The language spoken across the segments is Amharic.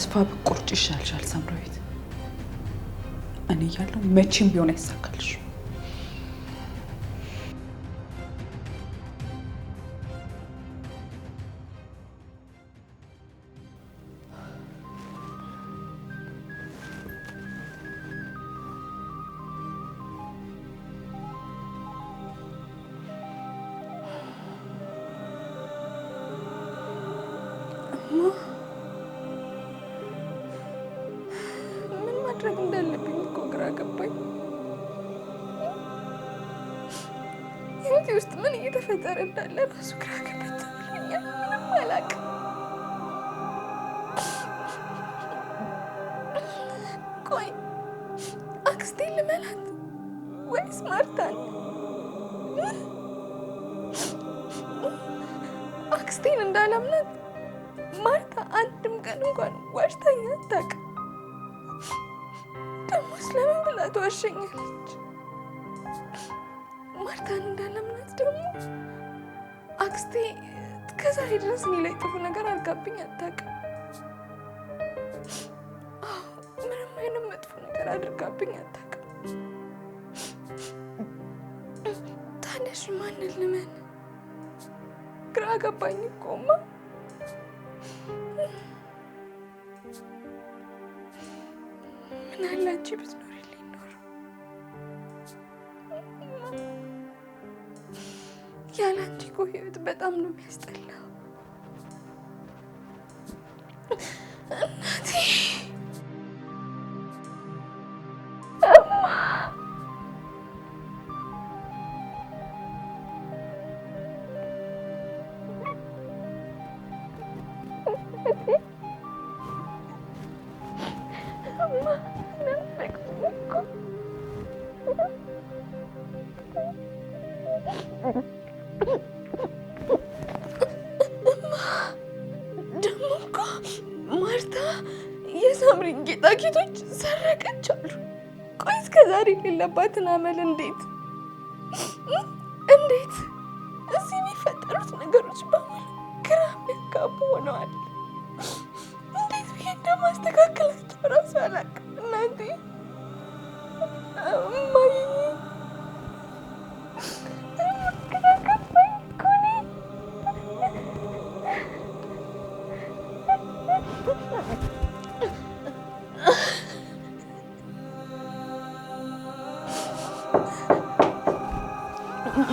ተስፋ ብቆርጭ ይሻልሻል ሳምራዊት። እኔ እያለሁ መቼም ቢሆን አይሳካልሽ። ምን እየተፈጠረ እንዳለ ራሱ ግራ ገብቶኛል። ምንም አላውቅም። ቆይ አክስቴን ልመላት ወይስ ማርታን? አክስቴን እንዳላምናት ማርታ አንድም ቀን እንኳን ዋሽታኛ አታውቅም። ደግሞስ ለምን ብላ ትዋሸኛለች? ማርታን እንዳለምናት ደግሞ አክስቴ ከዛሬ ድረስ እኔ ላይ ጥፉ ነገር አድርጋብኝ አታውቅም። ምንም አይነት መጥፎ ነገር አድርጋብኝ አታውቅም። ታነሽ ማንን ልመን? ግራ ገባኝ ቆማ ምን አላችሁ ብትነ ያለ አንቺ እኮ ህይወት በጣም ነው የሚያስጠላው። የሌለባትን አመል እንዴት እንዴት እዚህ የሚፈጠሩት ነገሮች በሙሉ ግራ የሚያጋቡ ሆነዋል። እንዴት ብዬ እንደማስተካከላቸው ራሱ አላውቅም። እናቴ እማዬ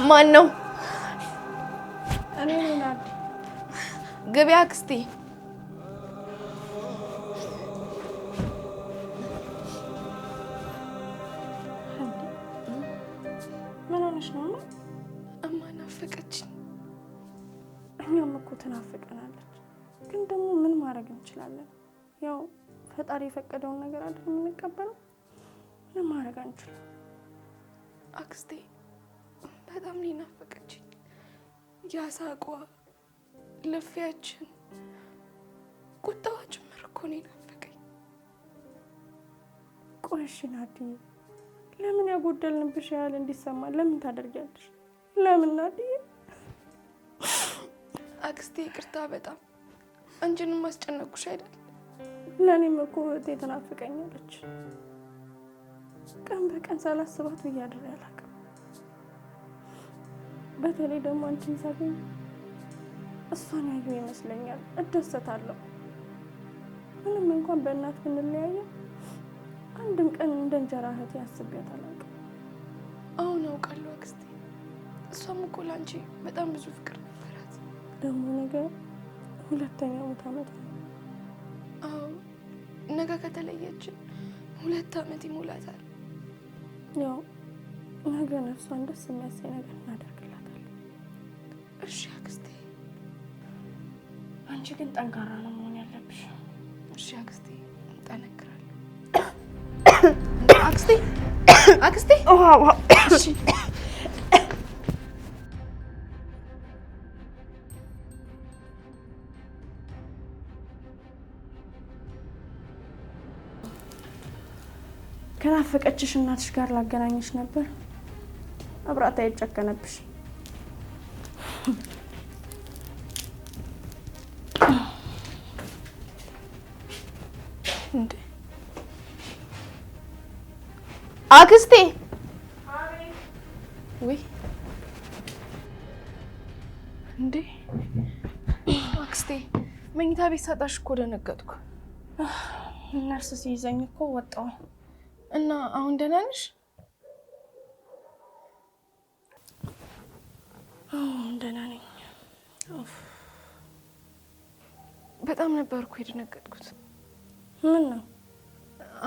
ማን ነው? እኔ አክስቴ። ምን ሆነሽ ነው? እማ ናፈቀችኝ። እኛም እኮ ትናፍቀናለች፣ ግን ደግሞ ምን ማድረግ እንችላለን? ያው ፈጣሪ የፈቀደውን ነገር አድርገን የምንቀበለው ምን ማድረግ አንችልም አክስቴ በጣም ናፈቀችኝ። ያሳቋ፣ ልፊያችን፣ ቁጣዋ ጭምር እኮ ነው ናፈቀኝ። ቆሽ ናድዬ፣ ለምን ያጎደልንብሽ ያህል እንዲሰማ ለምን ታደርጊያለሽ? ለምን ናድዬ? አክስቴ ይቅርታ፣ በጣም አንቺንም አስጨነቁሽ አይደል? ለእኔም እኮ እህቴ ትናፍቀኛለች። ቀን በቀን ሳላስባት ብያድር ያላል በተለይ ደግሞ አንቺን ሳገኝ እሷን ያዩ ይመስለኛል፣ እደሰታለሁ። ምንም እንኳን በእናት ብንለያየ አንድም ቀን እንደ እንጀራ እህቴ አስቤያት አላውቅም። አሁን አውቃለሁ አክስቴ፣ እሷም እኮ ላንቺ በጣም ብዙ ፍቅር ነበራት። ደግሞ ነገ ሁለተኛ ሞት አመት ነው። አዎ ነገ ከተለየችን ሁለት አመት ይሞላታል። ያው ነገ ነፍሷን ደስ የሚያሳይ ነገር እናደርግ አንቺ ግን ጠንካራ ነው መሆን ያለብሽ። እሺ አክስቴ፣ እንጠነክራለሁ። አክስቴ አክስቴ ከናፈቀችሽ እናትሽ ጋር ላገናኘሽ ነበር። አብራታ የጨከነብሽ አክስቴ ውይ እንዴ አክስቴ መኝታ ቤት ሳጣሽ እኮ ደነገጥኩ። ነርስ ሲይዘኝ እኮ ወጣሁ እና አሁን ደህና ነሽ? ደህና ነኝ። በጣም ነበርኩ የደነገጥኩት። ምን ነው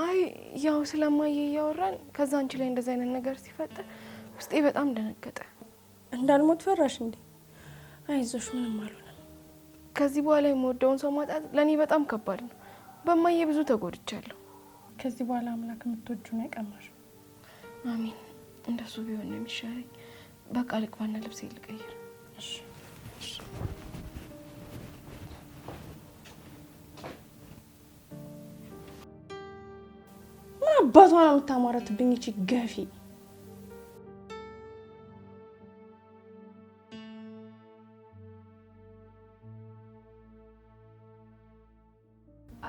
አይ ያው ስለማየ እያወራን ከዛ አንቺ ላይ እንደዚ አይነት ነገር ሲፈጠር ውስጤ በጣም ደነገጠ። እንዳልሞት ፈራሽ እንዴ? አይዞሽ ምንም አልሆነም። ከዚህ በኋላ የምወደውን ሰው ማጣት ለእኔ በጣም ከባድ ነው። በማየ ብዙ ተጎድቻለሁ። ከዚህ በኋላ አምላክ የምትወጁን አይቀማሽ። አሚን። እንደሱ ቢሆን ነው የሚሻለኝ። በቃ ልግባና ልብሴ ልቀይር። እሺ አባቷ ነው የምታሟረትብኝ ይቺ ገፊ።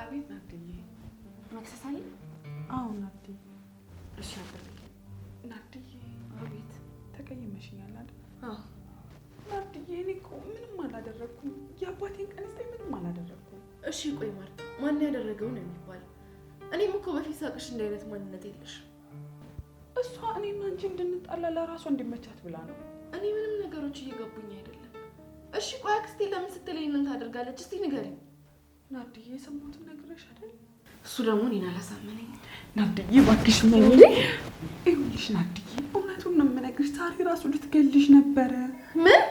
አቤት ናብድዬ፣ ምንም አላደረግኩም። የአባቴን ቀንስታይ ምንም አላደረግኩም። እሺ ቆይ ማርታ፣ ማን ያደረገው ነው? እኔም እኮ በፊት ሳቅሽ እንደ አይነት ማንነት የለሽ። እሷ እኔና አንቺ እንድንጣላ ለራሷ እንዲመቻት ብላ ነው። እኔ ምንም ነገሮች እየገቡኝ አይደለም። እሺ ቆይ አክስቴ ለምን ስትል ይህንን ታደርጋለች? እስቲ ንገሪኝ ናድዬ። የሰማሁትን ነግሬሽ አይደል? እሱ ደግሞ እኔን አላሳመነኝ። ናድዬ እባክሽ ነው ይኸውልሽ፣ ናድዬ እውነቱን ነው የምነግርሽ። ዛሬ ራሱ ልትገልሽ ነበረ። ምን?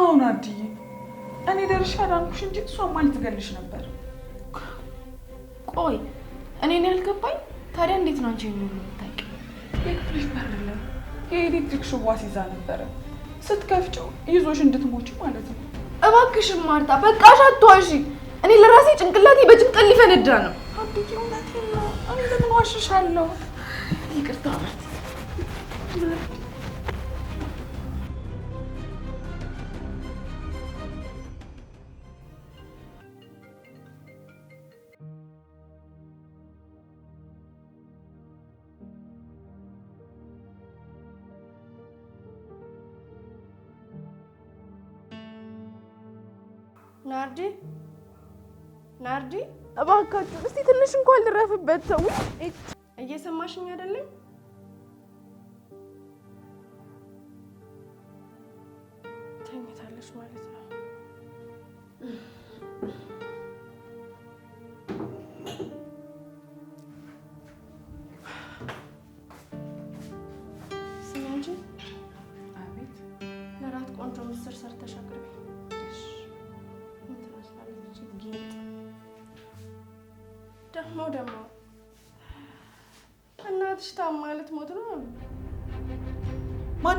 አዎ ናድዬ፣ እኔ ደርሻ ዳንኩሽ እንጂ እሷማ ልትገልሽ ነበር። ቆይ እኔን ያልገባኝ ታዲያ እንዴት ነው አንቺ የሚሆኑ የምታውቂው? የክፍልሽ አይደለም የኤሌክትሪክ ሽቦ ሲዛ ነበረ ስትከፍጪው ይዞሽ እንድትሞች ማለት ነው። እባክሽን ማርታ በቃሽ፣ አትዋሺ። እኔ ለራሴ ጭንቅላቴ በጭንቀት ሊፈነዳ ነው። አብጌ እውነቴን ነው። እኔ ለምን ዋሽሻለሁ? ይቅርታ ናርዲ እባካችሁ እስቲ ትንሽ እንኳን ልረፍበት። ተው፣ እየሰማሽኝ አይደለም?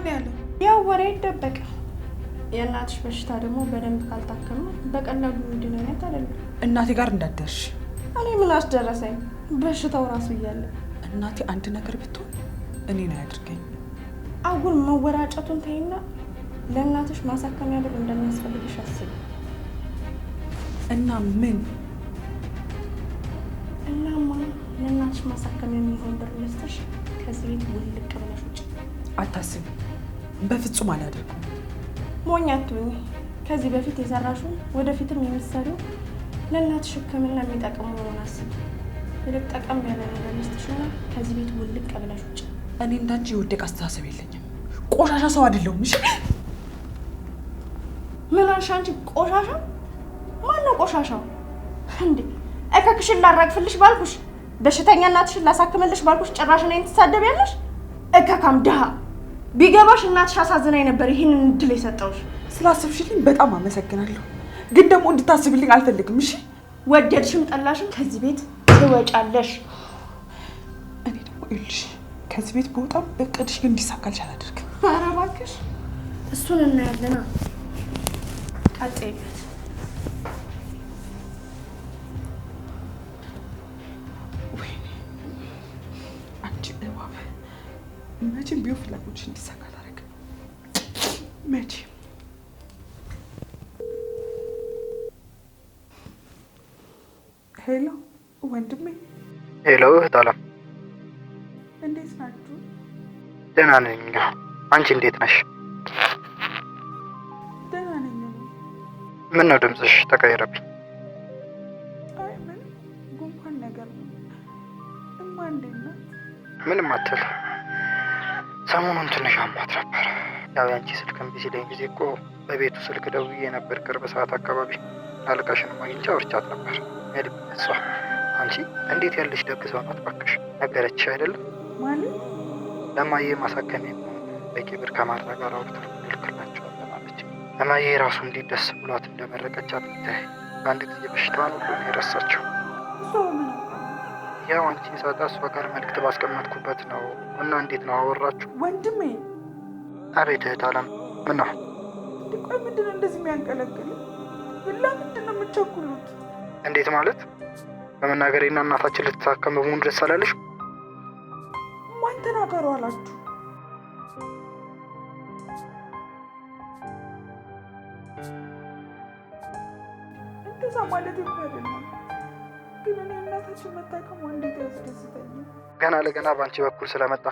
ነው ያለው። ያው ወሬ ይደበቀ የእናትሽ በሽታ ደግሞ በደንብ ካልታከመ በቀላሉ የሚድን አይነት አይደለም። እናቴ ጋር እንዳደርሽ። እኔ ምን አስደረሰኝ? በሽታው ራሱ እያለ እናቴ አንድ ነገር ብትሆን ነው ያድርገኝ። አጉል መወራጨቱን ተይና ለእናትሽ ማሳከሚያ ብር እንደሚያስፈልግሽ አስቢ። እና ምን እናማ ለእናትሽ ማሳከሚያ የሚሆን ብር ገዝተሽ ከዚህ ቤት ውልቅ ብለሽ ውጭ። አታስቢ በፍጹም አላደርጉም። ሞኝ አትሁኝ። ከዚህ በፊት የሰራሽው ወደፊትም የምትሰሪው ለእናትሽ ሕክምና የሚጠቅሙ መሆን አስቢ። ይልቅ ጠቀም ያለ ነገር ይስጥሽና ከዚህ ቤት ውልቅ ብለሽ ውጭ። እኔ እንዳንቺ የወደቅ አስተሳሰብ የለኝም። ቆሻሻ ሰው አይደለሁም። እሺ ምን አልሽ አንቺ? ቆሻሻ ማነው ቆሻሻው? እንዴ እከክሽን ላራግፍልሽ ባልኩሽ፣ በሽተኛ እናትሽን ላሳክምልሽ ባልኩሽ ጭራሽ እኔን ትሳደቢያለሽ? እከካም ድሃ ቢገባሽ እናትሽ አሳዝናኝ ነበር ይህን እድል የሰጠውሽ። ስላሰብሽልኝ በጣም አመሰግናለሁ፣ ግን ደግሞ እንድታስብልኝ አልፈልግም። እሺ ወደድሽም ጠላሽም ከዚህ ቤት ትወጫለሽ። እኔ ደግሞ ይኸውልሽ ከዚህ ቤት በወጣም እቅድሽ ግን እንዲሳካልሽ አላደርግም። ኧረ እባክሽ እሱን እናያለና ቀጤ መቼም ቢሆን ፍላጎች እንዲሳካ ታደረግ መቼም ሄሎ ወንድሜ። ሄሎ እህት አለም እንዴት ናችሁ? ደህና ነኝ። አንቺ እንዴት ነሽ? ደህና ነኝ። ምን ነው ድምፅሽ ተቀየረብኝ? አይ ምን ጉንፋን ነገር ነው። እማ እንዴት ናት? ምንም አትል ሰሞኑን ትንሽ አሟት ነበር። ያው ያንቺ ስልክም ቢዚ ላይ ጊዜ እኮ በቤቱ ስልክ ደውዬ ነበር ቅርብ ሰዓት አካባቢ አለቃሽን አግኝቼ አውርቻት ነበር። ሜልም እሷ አንቺ እንዴት ያለሽ ደግ ሰው ናት እባክሽ ነገረችሽ አይደለም ማለት ለማዬ ማሳከሜ በቂ ብር ከማርታ ጋር አውርተን ልክላቸው አለማለች። ለማዬ ራሱ እንዴት ደስ ብሏት እንደመረቀቻት ብታይ በአንድ ጊዜ በሽታዋን ሁሉ የረሳቸው ጥያቄውን ሲሰጠ እሷ ጋር መልክት ባስቀመጥኩበት ነው። እና እንዴት ነው አወራችሁ? ወንድሜ አቤት። እህት አለም ምን ነው? ቆይ ምንድን ነው እንደዚህ የሚያንቀለቅል? ብላ ምንድን ነው የምቸኩሉት? እንዴት ማለት በመናገሬና እናታችን ልትታከም በመሆኑ ደስ አላለሽ? ማን ተናገሩ አላችሁ? እንደዛ ማለት ይባላል እናታችን መታቀሟ እንዴት ያስደስተኛል። ገና ለገና በአንቺ በኩል ስለመጣ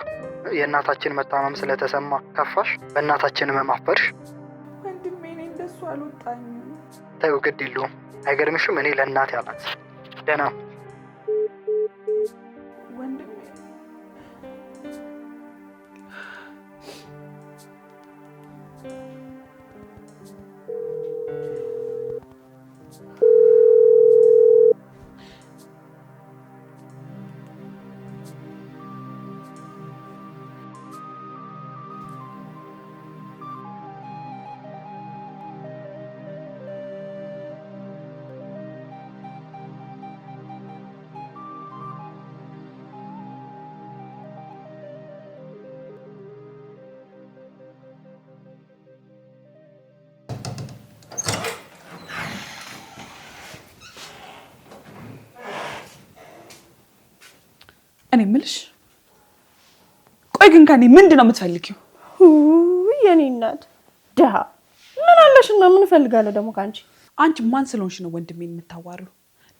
የእናታችን መታመም ስለተሰማ ከፋሽ? በእናታችን መማፈርሽ ወንድሜ፣ እኔ እንደሱ አልወጣኝም። ተይው፣ ግድ የለውም አይገርምሽም? እኔ ለእናት ያላት ደህና እኔ የምልሽ ቆይ ግን ከኔ ምንድን ነው የምትፈልጊው? የኔ እናት ድሃ ምን አለሽና ምን እፈልጋለሁ ደግሞ ከአንቺ? አንቺ ማን ስለሆንሽ ነው ወንድሜን የምታዋሪው?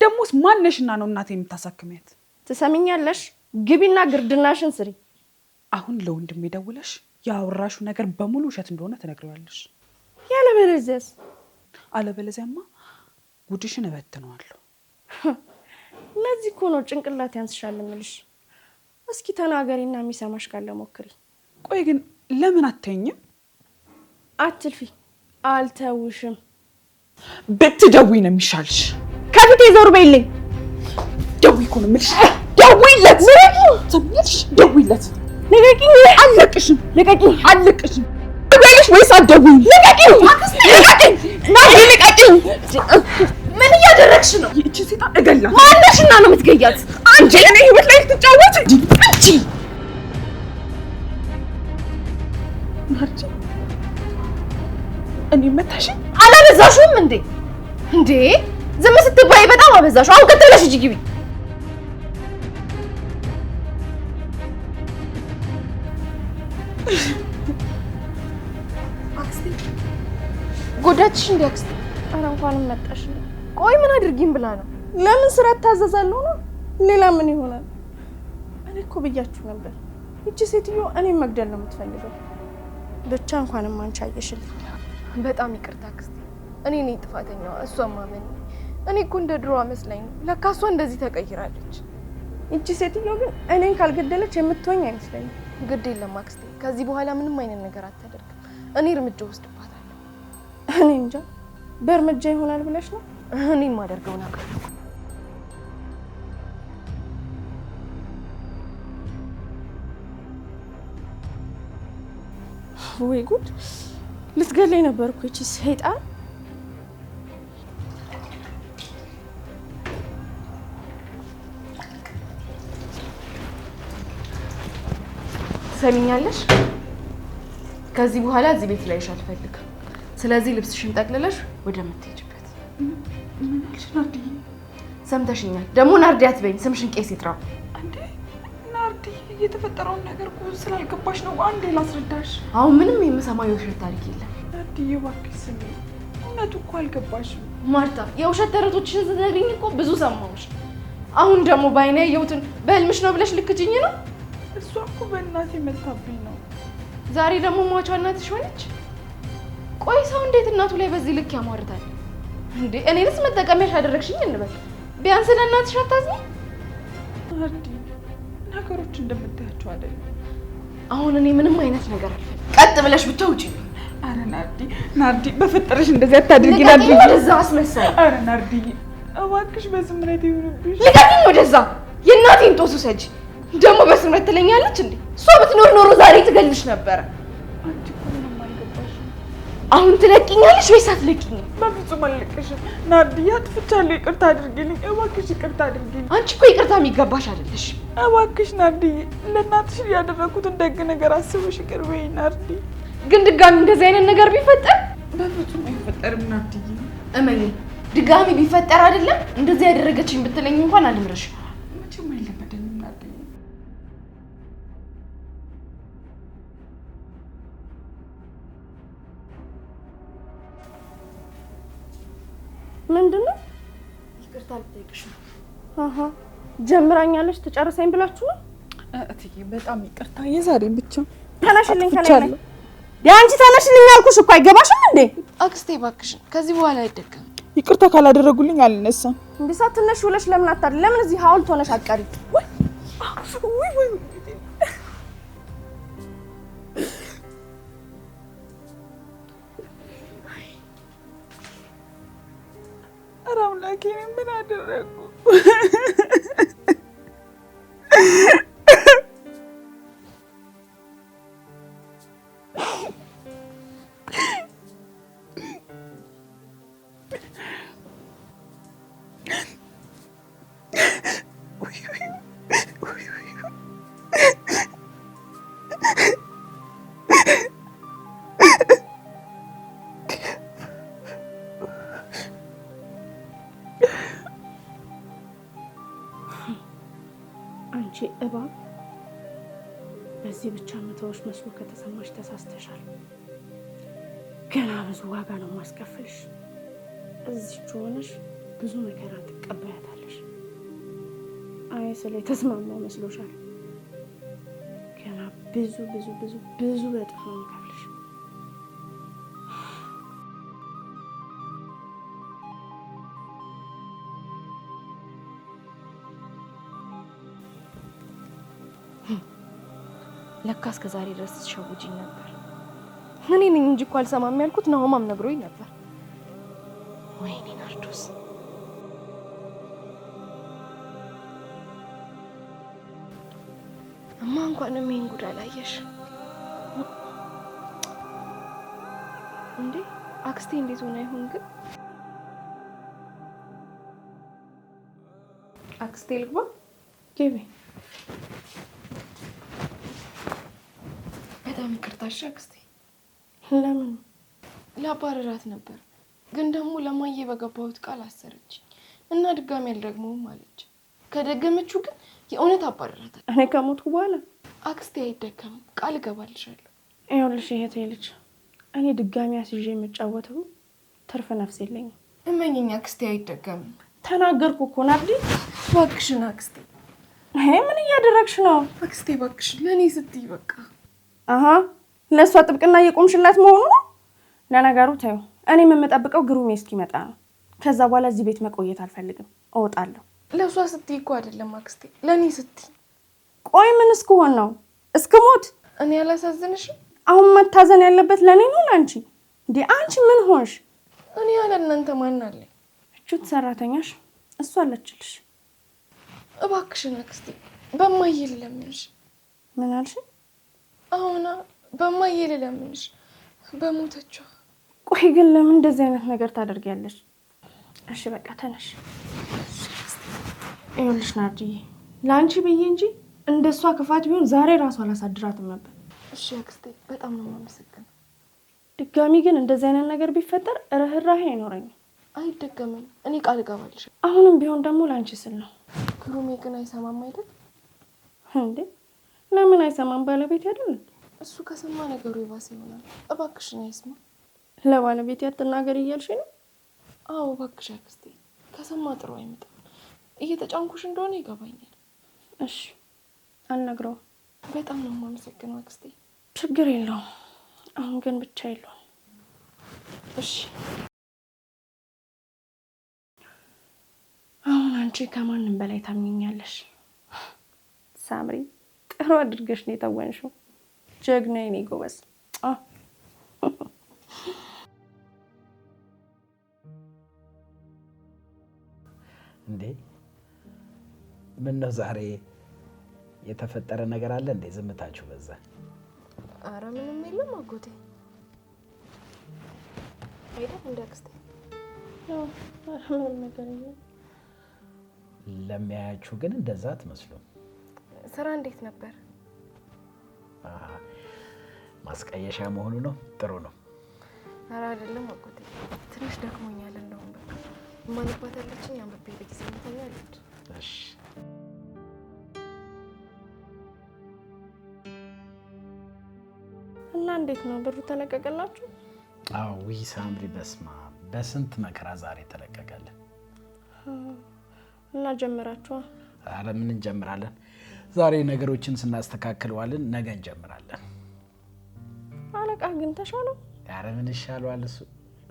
ደግሞስ ማነሽና ነው እናቴ የምታሳክሚያት? ትሰሚኛለሽ? ግቢና ግርድናሽን ስሪ። አሁን ለወንድሜ ደውለሽ የአወራሹ ነገር በሙሉ ውሸት እንደሆነ ትነግሪዋለሽ። ያለበለዚያስ? አለበለዚያማ ጉድሽን እበትነዋለሁ። ለዚህ እኮ ነው ጭንቅላት ያንስሻል እምልሽ። እስኪ ተናገሪ ተናገሪና የሚሰማሽ ካለ ሞክሪ። ቆይ ግን ለምን አትተኝም? አትልፊ፣ አልተውሽም። ብትደውይ ነው የሚሻልሽ። ከፊቴ ዞር በይልኝ። ደውይ እኮ ነው የምልሽ። ደውይለት፣ ትምልሽ፣ ደውይለት። ልቀቂኝ! አልለቅሽም። ልቀቂኝ! አልለቅሽም በይልሽ ወይስ አትደውይም? ልቀቂኝ! ልቀቂኝ! ልቀቂኝ! ምን እያደረግሽ ነው? ይቺ ሴት እገላት ማለሽና ነው የምትገያት? አንቺ እኔ ህይወት ላይ ልትጫወት አንቺ ማርጂ፣ እኔ መታሽ አላበዛሽውም እንዴ? እንዴ ዝም ስትባይ በጣም አበዛሽው። አሁን ቀጥ ብለሽ ግቢ። ጎዳችሽ እንዴ አክስቴ? ኧረ እንኳንም መጣሽ። ቆይ ምን አድርጊም ብላ ነው? ለምን ስራ እታዘዛለሁ ነው? ሌላ ምን ይሆናል? እኔ እኮ ብያችሁ ነበር፣ ይቺ ሴትዮ እኔም መግደል ነው የምትፈልገው። ብቻ እንኳንም አንቺ አየሽልኝ። በጣም ይቅርታ ክስቴ፣ እኔ ነኝ ጥፋተኛዋ፣ እሷ ማመን። እኔ እኮ እንደ ድሮ መስላኝ፣ ለካ እሷ እንደዚህ ተቀይራለች። ይቺ ሴትዮ ግን እኔን ካልገደለች የምትሆኝ አይመስለኝም። ግድ የለም አክስቴ፣ ከዚህ በኋላ ምንም አይነት ነገር አታደርግም። እኔ እርምጃ ወስድባታለሁ። እኔ እንጃ፣ በእርምጃ ይሆናል ብለሽ ነው እኔ የማደርገው ነገር ወይ ጉድ! ልትገለኝ ነበርኩ ይቺ ሰይጣን። ሰሚኛለሽ፣ ከዚህ በኋላ እዚህ ቤት ላይሽ አልፈልግም። ስለዚህ ልብስሽን ጠቅልለሽ ወደ ምትሄጂበት ሰምተሽኛል። ደግሞ ናርዲ አትበይኝ፣ ስምሽን ቄስ ይጥራው። የተፈጠረውን ነገር እኮ ስላልገባሽ ነው። አንዴ ላስረዳሽ። አሁን ምንም የምሰማው የውሸት ታሪክ የለም። ናርዲዬ እባክሽ ስሚ፣ እውነቱ እኮ አልገባሽም። ማርታ፣ የውሸት ተረቶችሽን ስትነግሪኝ እኮ ብዙ ሰማሁሽ። አሁን ደግሞ በዓይኔ ያየሁትን በህልምሽ ነው ብለሽ ልክጅኝ ነው? እሷ እኮ በእናቴ መታብኝ ነው። ዛሬ ደግሞ ሟቿ እናትሽ ሆነች። ቆይ ሰው እንዴት እናቱ ላይ በዚህ ልክ ያሟርታል? እንዴ እኔንስ መጠቀሚያሽ አደረግሽኝ እንበል። ቢያንስ ለእናትሽ አታዝኝ። ነገሮች እንደምታያቸው አይደለም። አሁን እኔ ምንም አይነት ነገር አልፈልግም። ቀጥ ብለሽ አረ ናርዲ፣ ናርዲ በፈጠረሽ እንደዚህ አታድርጊ። ናርዲ ወደዛ አስመሳይ። አረ ናርዲ እባክሽ በስምረት ይሁንብሽ። ልቀቂኝ ወደዛ። የእናቴን ጦስ ውሰጂ። ደግሞ በስምረት ትለኛለች እንዴ? እሷ ብትኖር ኖሮ ዛሬ ትገልሽ ነበረ። አሁን ትለቅኛለሽ ወይስ አትለቅኝም? በፍጹም አልለቅሽም። ናርዲዬ አጥፍቻለሁ፣ ይቅርታ አድርጊልኝ እባክሽ፣ ይቅርታ አድርጊልኝ። አንቺ እኮ ይቅርታ የሚገባሽ አይደለሽ። እባክሽ ናርዲዬ፣ ለእናትሽ ያደረኩትን ደግ ነገር አስብሽ ይቅር በይኝ። ናርዲ ግን ድጋሚ እንደዚህ አይነት ነገር ቢፈጠር በፍጹም አይፈጠርም። ናርዲዬ እመኝ፣ ድጋሚ ቢፈጠር አይደለም እንደዚህ ያደረገችኝ ብትለኝ እንኳን አልምረሽ። መቼም አይለመደኝም ናርዲዬ እያደረግሽ ነው? ጀምራኛለች ትጨርሰኝ ብላችሁ ነው? እትዬ በጣም ይቅርታ የዛሬ ብቻ ተነሽልኝ። ከላይ የአንቺ ተነሽልኝ አልኩሽ እኮ አይገባሽም እንዴ? አክስቴ እባክሽን ከዚህ በኋላ አይደገም። ይቅርታ ካላደረጉልኝ አልነሳም። እንዴ ሳትነሽ ውለሽ ለምን አታድሪ? ለምን እዚህ ሀውልት ሆነሽ አትቀሪ? አምላኬ ምን አደረጉ? እባብ በዚህ ብቻ መተዎች መስሎ ከተሰማሽ ተሳስተሻል። ገና ብዙ ዋጋ ነው ማስከፈልሽ። እዚች ሆነሽ ብዙ መከራ ትቀበያታለሽ። አይ ስለ የተስማማ መስሎሻል። ገና ብዙ ብዙ ብዙ ብዙ በጣም ለካ እስከ ዛሬ ድረስ ትሸውጂኝ ነበር። እኔ ነኝ እንጂ እኮ አልሰማም ያልኩት ናሆማም ነግሮኝ ነበር። ወይኔ ናርዶስ እማ እንኳንም ይሄን ጉድ አላየሽ እንዴ? አክስቴ እንዴት ሆነ ይሁን ግን? አክስቴ ልግባ ገቤ በጣም ይቅርታሽ አክስቴ። ለምን? ላባረራት ነበር ግን ደግሞ ለማዬ በገባሁት ቃል አሰረች እና ድጋሚ አልደግመውም አለች። ከደገመችው ግን የእውነት አባረራታል። እኔ ከሞትኩ በኋላ አክስቴ አይደከምም፣ ቃል እገባልሻለሁ። ይኸውልሽ ይሄቴ ልጅ እኔ ድጋሚ አስይዤ የምጫወተው ትርፍ ነፍስ የለኝም። እመኝኝ አክስቴ አይደገምም። ተናገርኩ እኮ ናብዲ። እባክሽን አክስቴ። ይሄ ምን እያደረግሽ ነው አክስቴ? እባክሽን ለእኔ ስትይ በቃ አሀ ለእሷ ጥብቅና እየቆምሽላት መሆኑ ነው። ለነገሩ ተይው፣ እኔ የምጠብቀው ግሩሜ እስኪመጣ ነው። ከዛ በኋላ እዚህ ቤት መቆየት አልፈልግም፣ እወጣለሁ። ለእሷ ስትይ እኮ አይደለም አክስቴ፣ ለእኔ ስትይ። ቆይ ምን እስክሆን ነው? እስክሞት? እኔ አላሳዝንሽም? አሁን መታዘን ያለበት ለእኔ ነው ለአንቺ? እንዴ አንቺ ምን ሆንሽ? እኔ ያለ እናንተ ማን አለኝ? እቹት ሰራተኛሽ እሷ አለችልሽ። እባክሽን አክስቴ፣ በማየል ለምንሽ። ምን አልሽኝ? አሁና በማዬ ልለምንሽ በሞተችው። ቆይ ግን ለምን እንደዚህ አይነት ነገር ታደርጊያለሽ? እሺ በቃ ተነሽ። ይኸውልሽ ናርጅዬ ለአንቺ ብዬ እንጂ እንደሷ ክፋት ቢሆን ዛሬ ራሱ አላሳድራትም ነበር። እሺ አክስቴ በጣም ነው የማመሰግነው። ድጋሚ ግን እንደዚህ አይነት ነገር ቢፈጠር ርህራሄ አይኖረኝም። አይደገምም። እኔ ቃል እገባልሽ። አሁንም ቢሆን ደግሞ ለአንቺ ስል ነው። ግሩሜ ግን አይሰማም አይደል እንዴ? ለምን አይሰማም? ባለቤት አይደል? እሱ ከሰማ ነገሩ የባሰ ይሆናል። እባክሽን አይስማ። ለባለቤት ያትናገር እያልሽ ነው? አዎ እባክሽ አክስቴ፣ ከሰማ ጥሩ አይመጣም። እየተጫንኩሽ እንደሆነ ይገባኛል። እሺ አልነግረውም። በጣም ነው የማመሰግነው አክስቴ። ችግር የለውም። አሁን ግን ብቻ የለውም። እሺ አሁን አንቺ ከማንም በላይ ታምኛለሽ ሳምሪ ጥሩ አድርገሽ ነው የተወንሽው። ጀግና የኔ ጎበዝ። እንዴ ምን ነው ዛሬ የተፈጠረ ነገር አለ እንዴ? ዝምታችሁ በዛ። አረ ምንም የለም አጎቴ። አይደል እንደ አክስቴ ምንም ነገር የለም። ለሚያያችሁ ግን እንደዛ አትመስሉም። ስራ እንዴት ነበር? ማስቀየሻ መሆኑ ነው። ጥሩ ነው። ኧረ አይደለም አጎቴ፣ ትንሽ ደክሞኛል። እንደውም በቃ የማነባት ያለችኝ አንብቤ በጊዜ መተኛ አለች። እሺ እና እንዴት ነው ብሩ ተለቀቀላችሁ? አዊ ሳምሪ፣ በስማ በስንት መከራ ዛሬ ተለቀቀልን እና ጀምራችኋል? አረ ምን እንጀምራለን ዛሬ ነገሮችን ስናስተካክለዋልን ነገ እንጀምራለን። አለቃ ግን ተሻለው። ኧረ ምን ይሻለዋል እሱ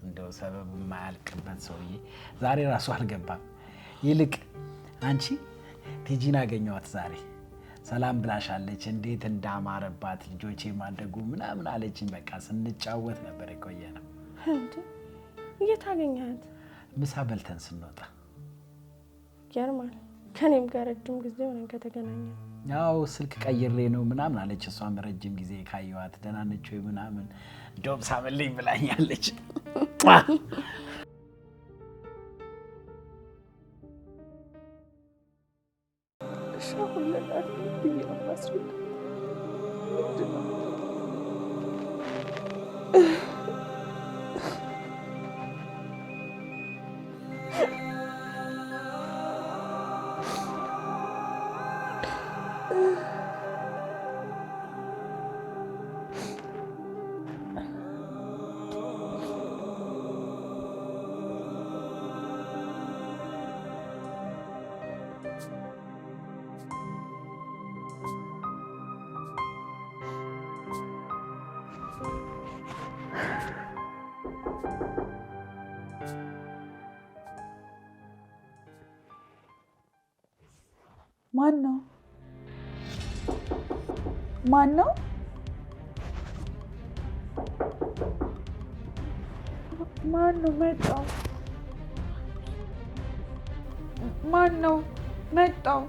እንደው ሰበብ የማያልቅበት ሰውዬ ዛሬ ራሱ አልገባም። ይልቅ አንቺ ቲጂን አገኘዋት ዛሬ ሰላም ብላሻለች። እንዴት እንዳማረባት ልጆቼ ማደጉ ምናምን አለችኝ። በቃ ስንጫወት ነበር የቆየ ነው። የት አገኘሃት? ምሳ በልተን ስንወጣ። ይገርማል። ከኔም ጋር ረጅም ጊዜ ሆነን ከተገናኘ ያው ስልክ ቀይሬ ነው ምናምን አለች። እሷም ረጅም ጊዜ ካየዋት ደህና ነች ወይ ምናምን ዶብ ሳምልኝ ብላኛለች። ማን ነው? ማን ነው መጣው? ማን ነው መጣው?